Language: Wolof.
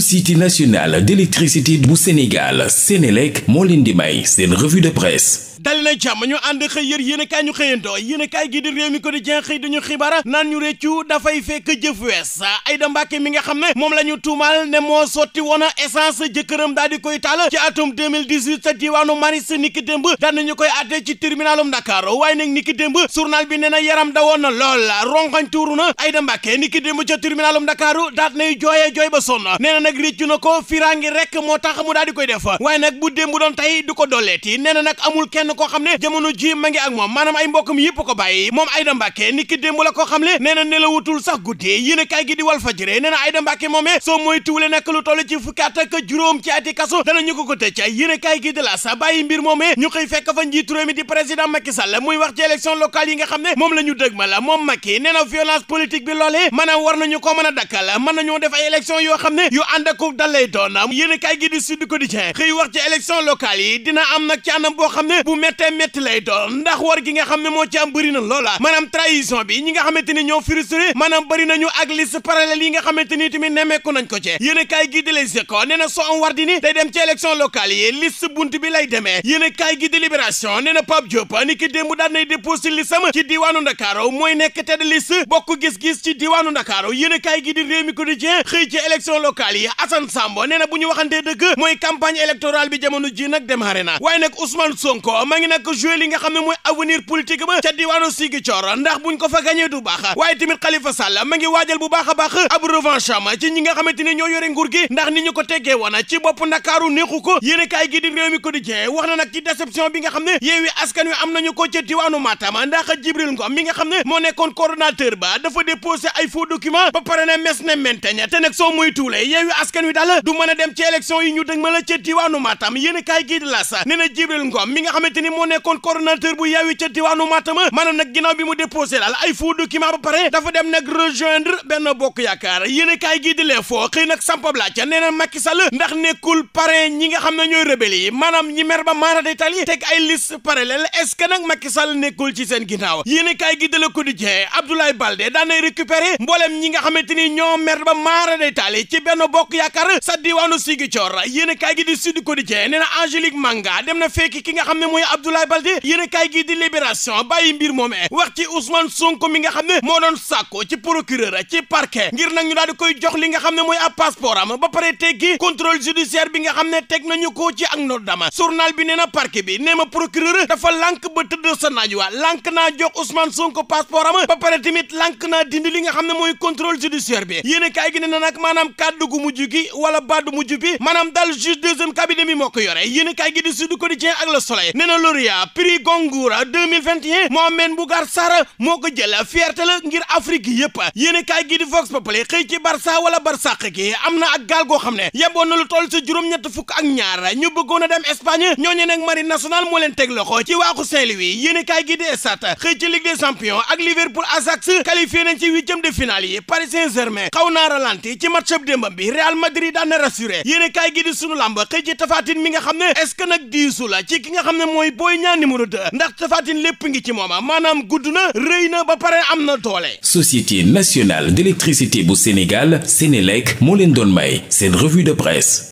société nationale d'électricité bu Sénégal Sénélec moo leen di may seen revue de presse dali jàmm ñu ànd xëy yër yéen a kaay ñu xëyandoo yéen a kaay gi di réew mi quotidien xëy dañu xibaar naan ñu réccu dafay fekk jëf wees Aïda Mbacke mi nga xam ne moom la ñu tuumaal ne moo sotti woon essence jëkkëram daal di koy taal ci atum 2018 sa diwaanu Maris niki démb daan nañu koy àtte ci tribunalum Dakar waaye nag niki démb journal bi nee na yaram dawoon na nag réccu na ko firangi rek moo tax mu daal di koy def waaye nag bu démb doon tey du ko dolleeti nee na nag kenn koo xam ne jamono ji ma ngi ak moom ay mbokkam yëpp ko bàyyi moom Aïda Mbacke ni ki démb la koo xam ne nee na nelawutul sax guddi yéen kay gi di wal fajëre nee na Aïda Mbacke moomee soo mooy tuule nag lu toll ci fukki at ak juróom ci ati kaso danañu ko ko tëj yéen kay gi di la sa bàyyi mbir moomee ñu koy fekk fa njiitu réew di président Macky Sall muy wax ci élection locale yi nga xam ne moom lañu ñu dëg ma la moom Macky nee na violence politique bi loolee maanaam war nañu ko mën a dakkal mën nañoo def ay élection yoo xam ne ànd ak dal lay doon yéen kay gi di Sud Quotidien xëy wax ci élection locale yi dina am nag ci anam boo xam ne bu méttee métti lay doon ndax war gi nga xam ne moo ci am bëri na loola maanaam trahison bi ñi nga xamante ni ñoo frustré maanaam bëri nañu ak liste parallèle yi nga xamante ni tamit nemmeeku nañ ko ci yéen kay gi di Les Échos nee soo am war di ni day dem ci élection locale yi liste bunt bi lay demee yéen kay gi di Libération nee na Pape daan nay déposé listam ci diwaanu mooy nekk tête gis-gis ci diwaanu Ndakaaru yéen kay gi di Rewmi Quotidien locale yi Assane Sambo nee na bu ñu waxantee dëgg mooy campagne électorale bi jamono ji nag démarré na waaye nag Ousmane Sonko ma ngi nag joué li nga xam ne moo avenir politique ba ko fa gagné du baax waaye tamit Khalifa Sall ma ngi waajal bu baax a ko teggee woon ci bopp Ndakaaru neexu ko gi di réew mi quotidien wax na nag ci déception bi nga xam ne yeewi askan wi am nañu ko ca diwaanu Matam ndax Jibril Ngom mi nga xam ne moo nekkoon coordonnateur ba dafa déposé ay faux document ba pare ne mes ne menteñ te nag soo moytuwulee yeewi askan wi daal du mën a dem ci élection yi ñu dëg ma la ca diwaanu Matam yéen a kaay gii di las Jibril Ngom mi nga xamante ni moo nekkoon coordonnateur bu yeewi ca diwaanu Matam maanaam nag ginnaaw bi mu déposé daal ay faux document ba pare dafa dem nag rejoindre benn bokk yaakaar yéen a kaay gii di xëy nag sampab laaj nee na Macky ndax nekkul parrain ñi nga xam ne ñooy rebelle yi maanaam ñi mer ba maara day tali teg ay liste parallèle est-ce que bokk yaakaar sa diwaanu Ziguinchor yéen kaay gi di Sud Quotidien nee na Angélique Manga dem na fekk ki nga xam ne mooy Abdoulaye Baldé yéen kaay gi di Libération bàyyi mbir moom wax ci Ousmane Sonko mi nga xam ne moo doon sàkko ci procureur ci parquet ngir nag ñu daal di koy jox li nga xam ne mooy a passeport am ba pare teggi contrôle bi nga xam ne teg nañu ko ci ak noddama journal bi nee na parquet bi nee ma procureur dafa lànk ba tëdd sa naaj wa lànk naa jox Ousmane Sonko passeport am ba pare tamit li nga xam ne mooy contrôle judiciaire bi yéen a kaay na maanaam mujj gi wala baat bu mujj bi maanaam daal juge deuxième cabinet bi moo ko yore yéen a gi di Sud Quotidien ak Le Soleil nee na lauréat prix Goncourt 2021 Mohamed Mbougar moo ko jël fierté la ngir Afrique yëpp yéen a kaay gi di Vox Populi xëy ci Barça wala Barsàq gi am na ak gaal goo xam ne yeboon na lu toll ci juróom-ñett fukk ak ñaar ñu bëggoon a dem Espagne ñooñu nag marine nationale moo loxo ci waaxu Saint-Louis yéen a gi di Stades xëy xaw naa ralenti ci match Real Madrid daan na rassuré yéen kaay gi di sunu làmb xëy ci tafaatin mi nga xam ne est ce que nag diisu la ci ki nga xam ne mooy Boy Niang numéro 2 ndax tafaatin lépp ngi ci mooma maanaam gudd na rëy na ba pare am na doole. Société nationale d'électricité bu Sénégal Sénélec moo leen doon may seen revue de presse.